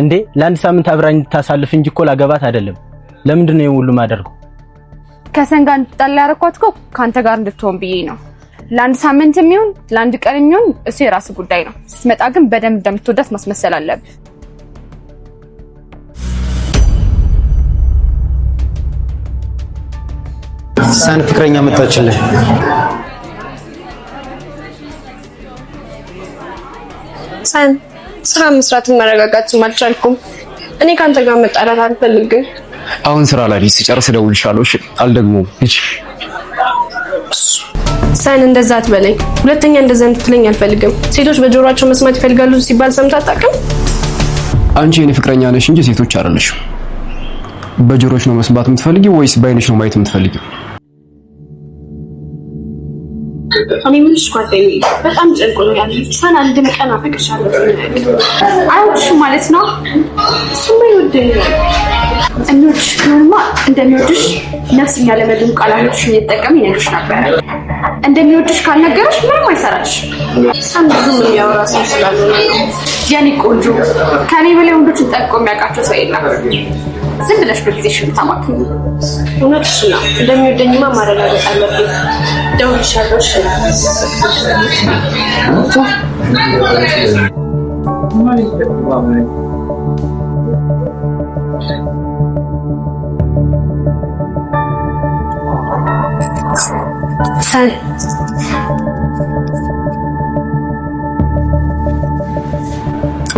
እንዴ ለአንድ ሳምንት አብራኝ እንድታሳልፍ እንጂ እኮ ላገባት አይደለም። ለምንድን ነው ይሄን ሁሉ ማደርገው? ከሰን ጋር እንድትጣላ ያደረኳት እኮ ከአንተ ጋር እንድትሆን ብዬ ነው። ለአንድ ሳምንት የሚሆን ለአንድ ቀን የሚሆን እሱ የራስ ጉዳይ ነው። ስትመጣ ግን በደንብ እንደምትወዳት ማስመሰል አለብህ። ሰን ፍቅረኛ መጣችልህ። ሰን ስራ መስራትን መረጋጋት አልቻልኩም። እኔ ከአንተ ጋር መጣላት አልፈልግም። አሁን ስራ ላይ ስጨርስ እደውልልሻለሁ። አልደግሞም። እሺ ሳይን እንደዛ አትበለኝ። ሁለተኛ እንደዛ እንድትለኝ አልፈልግም። ሴቶች በጆሮአቸው መስማት ይፈልጋሉ ሲባል ሰምታ አታውቅም። አንቺ የኔ ፍቅረኛ ነሽ እንጂ ሴቶች አይደለሽም። በጆሮሽ ነው መስማት የምትፈልጊው ወይስ በአይንሽ ነው ማየት የምትፈልጊው? እኔ ምንሽ ጓደ በጣም ጨንቆኛል። ሳን አንድ ቀን አፈቅሻለሁ ማለት ነው እሱማ ይወደኛል የሚወድሽ ቢሆንማ እንደሚወድሽ ነፍስ የሚያለመልሙ ቃላቶችን እየተጠቀም ይነግርሽ ነበረ። እንደሚወድሽ ካልነገረሽ ምንም አይሰራሽ። ሳም ብዙ የሚያወራ ሰው ስላልሆነ ነው። የኔ ቆንጆ፣ ከኔ በላይ ወንዶችን ጠልቆ የሚያውቃቸው ሰው የለም። ዝም ብለሽ በጊዜሽ ብታማክኝ። እውነትሽ ነው። እንደሚወደኝማ ማረጋገጥ አለብኝ። ደውልሻለሁ። እሺ ነው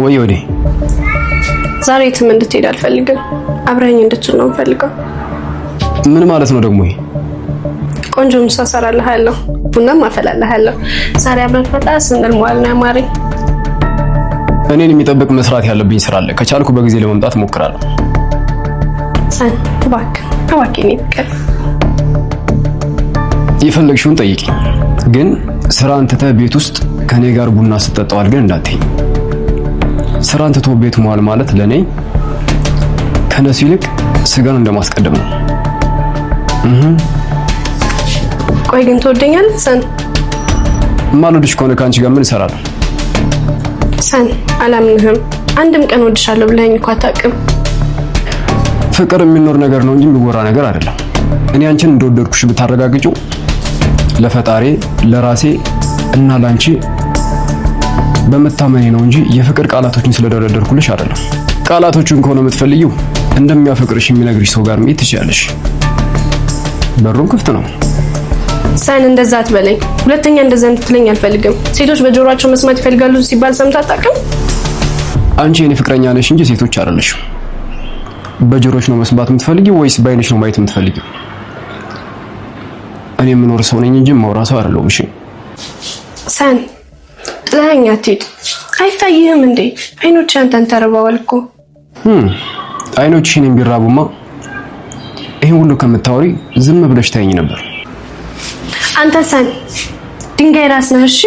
ወይ ወዴ ዛሬ የትም እንድትሄድ አልፈልግም። አብረኸኝ እንድትሆን ነው የምፈልገው። ምን ማለት ነው ደግሞ? ቆንጆ ምሳ ሰራልሃለሁ፣ ቡናም አፈላልሃለሁ። ዛሬ አብረን ፈታ ስንል መዋል ነው ያማረኝ። እኔን የሚጠብቅ መስራት ያለብኝ ስራ አለ። ከቻልኩ በጊዜ ለመምጣት እሞክራለሁ። እባክህ እባክህ እኔ የፈለግሽውን ጠይቂ፣ ግን ስራን ትተህ ቤት ውስጥ ከኔ ጋር ቡና ስጠጣዋል ግን እንዳትይ። ስራን ትቶ ቤት መዋል ማለት ለኔ ከነሱ ይልቅ ስጋን እንደማስቀደም ነው። ቆይ ግን ትወደኛለህ ሰን? ማልወድሽ ከሆነ ከአንቺ ጋር ምን እሰራለሁ? ሰን አላምንህም። አንድም ቀን ወድሻለሁ ብለኸኝ እኮ አታውቅም። ፍቅር የሚኖር ነገር ነው እንጂ የሚወራ ነገር አይደለም። እኔ አንቺን እንደወደድኩሽ ብታረጋግጪው ለፈጣሪ ለራሴ እና ላንቺ በመታመኔ ነው እንጂ የፍቅር ቃላቶችን ስለደረደርኩልሽ አይደለም። ቃላቶቹን ከሆነ የምትፈልጊው እንደሚያፈቅርሽ የሚነግርሽ ሰው ጋር መሄድ ትችያለሽ። በሩም ክፍት ነው። ሳይን እንደዛ አትበለኝ። ሁለተኛ እንደዛ እንድትለኝ አልፈልግም። ሴቶች በጆሮአቸው መስማት ይፈልጋሉ ሲባል ሰምታ አታውቅም። አንቺ የኔ ፍቅረኛ ነሽ እንጂ ሴቶች አይደለሽም። በጆሮች ነው መስማት የምትፈልጊው ወይስ በአይንሽ ነው ማየት የምትፈልጊው? እኔ የምኖር ሰው ነኝ እንጂ ማውራ ሰው አይደለሁም። እሺ ሰን ጥላኛ ትሄድ አይታይህም እንዴ? አይኖች አንተን ተርበዋል እኮ አይኖች እኔን ቢራቡማ ይሄን ሁሉ ከምታወሪ ዝም ብለሽ ታይኝ ነበር። አንተ ሰን ድንጋይ ራስ ነህ። እሺ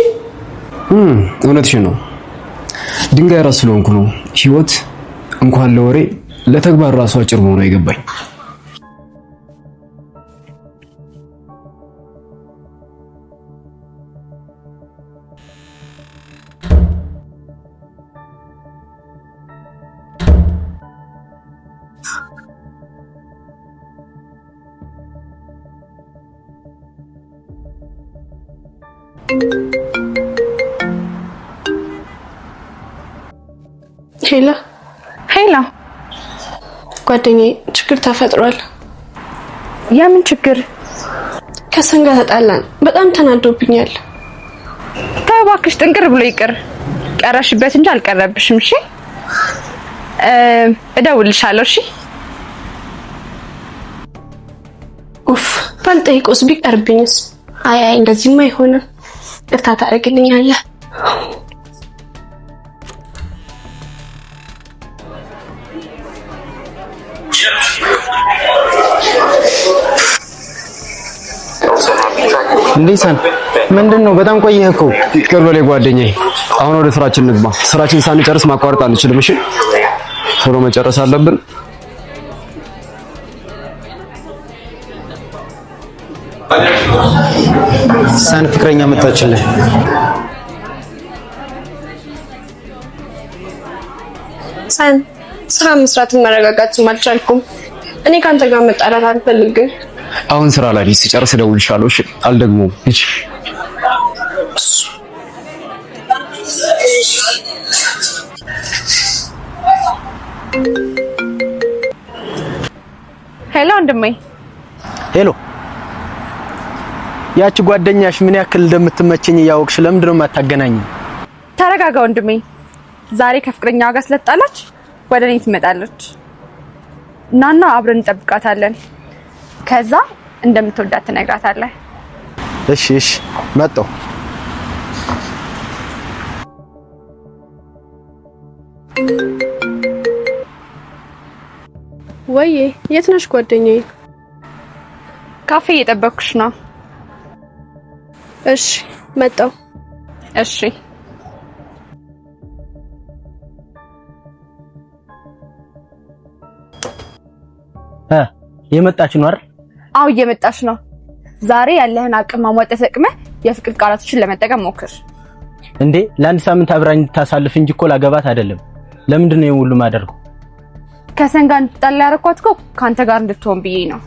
እውነትሽ ነው። ድንጋይ ራስ ስለሆንኩ ነው ህይወት እንኳን ለወሬ ለተግባር ራሱ አጭር መሆኑ አይገባኝ ሄላ ሄላ፣ ጓደኛዬ ችግር ተፈጥሯል። የምን ችግር? ከሰን ጋር ተጣላን። በጣም ተናዶብኛል። ተው እባክሽ፣ ጥንቅር ብሎ ይቅር። ቀረሽበት እንጂ አልቀረብሽም። እሺ፣ እደውልልሻለሁ። እሺ። ኡፍ ባልጠይቆስ ቢቀርብኝስ? አይ አይ፣ እንደዚህማ አይሆንም። ይቅርታ ታደርግልኛለህ? እንዴሳን ምንድን ነው? በጣም ቆየህ እኮ። ይቅር በለኝ ጓደኛዬ። አሁን ወደ ስራችን እንግባ። ስራችን ሳንጨርስ ማቋረጥ አንችልም። እሺ ቶሎ መጨረስ አለብን። ሳን ፍቅረኛ መጣችልህ። ሳን ስራ መስራትን መረጋጋትም አልቻልኩም። እኔ ከአንተ ጋር መጣላት አልፈልግም። አሁን ስራ ላይ ነኝ። ስጨርስ እደውልልሻለሁ። እሺ? አልደግሞም። እሺ ሄሎ ወንድሜ ሄሎ ያቺ ጓደኛሽ ምን ያክል እንደምትመቸኝ እያወቅሽ ለምንድን ነው የማታገናኝ? ተረጋጋ ወንድሜ። ዛሬ ከፍቅረኛ ጋር ስለጣላች ወደ እኔ ትመጣለች። ናና አብረን እንጠብቃታለን። ከዛ እንደምትወዳት ትነግራታለህ። እሺ፣ እሺ፣ መጣሁ። ወይዬ፣ የት ነሽ ጓደኛዬ? ካፌ እየጠበኩሽ ነው። እሺ መጣው። እሺ እ የመጣች ነው አይደል? አዎ እየመጣች ነው። ዛሬ ያለህን አቅም ማሟጠ ተጠቅመህ የፍቅር ቃላቶችን ለመጠቀም ሞክር። እንዴ ለአንድ ሳምንት አብራኝ ታሳልፍ እንጂ እኮ ላገባት አይደለም። ለምንድን ነው ይሄን ሁሉ ማደርገው? ከሰን እንድትጣላ ያደረኳት እኮ ከአንተ ጋር እንድትሆን ብዬ ነው።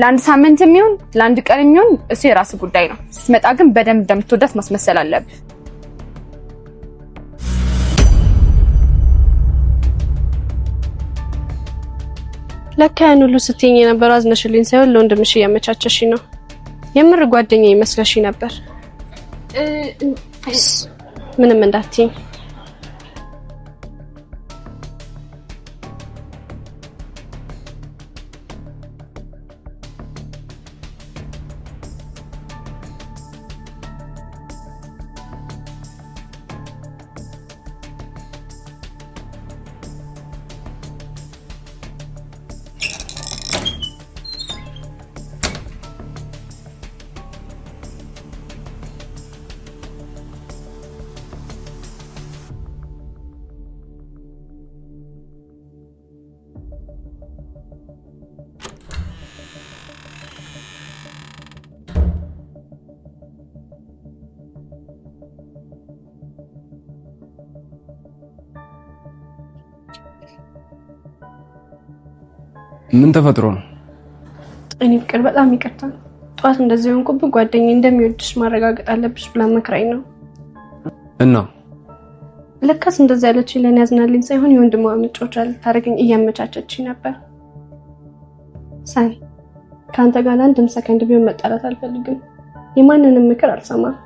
ለአንድ ሳምንት የሚሆን ለአንድ ቀን የሚሆን እሱ የራስ ጉዳይ ነው። ስትመጣ ግን በደንብ እንደምትወዳት ማስመሰል አለብህ። ለካ ያን ሁሉ ስትኝ የነበረው አዝነሽልኝ ሳይሆን ለወንድምሽ እያመቻቸሽ ነው። የምር ጓደኛ ይመስለሽ ነበር። ምንም እንዳትኝ ምን ተፈጥሮ ነው? እኔ ፍቅር በጣም ይቅርታ፣ ጠዋት እንደዚህ ሆንኩብን። ጓደኛዬ እንደሚወድሽ ማረጋገጥ አለብሽ ብላ መክራኝ ነው እና ለካስ እንደዚህ ያለችኝ ለእኔ ያዝናልኝ ሳይሆን የወንድሟ ምጮች ልታደርገኝ እያመቻቸችኝ ነበር። ሳይ ከአንተ ጋር ለአንድም ሰከንድ ቢሆን መጣላት አልፈልግም። የማንንም ምክር አልሰማም።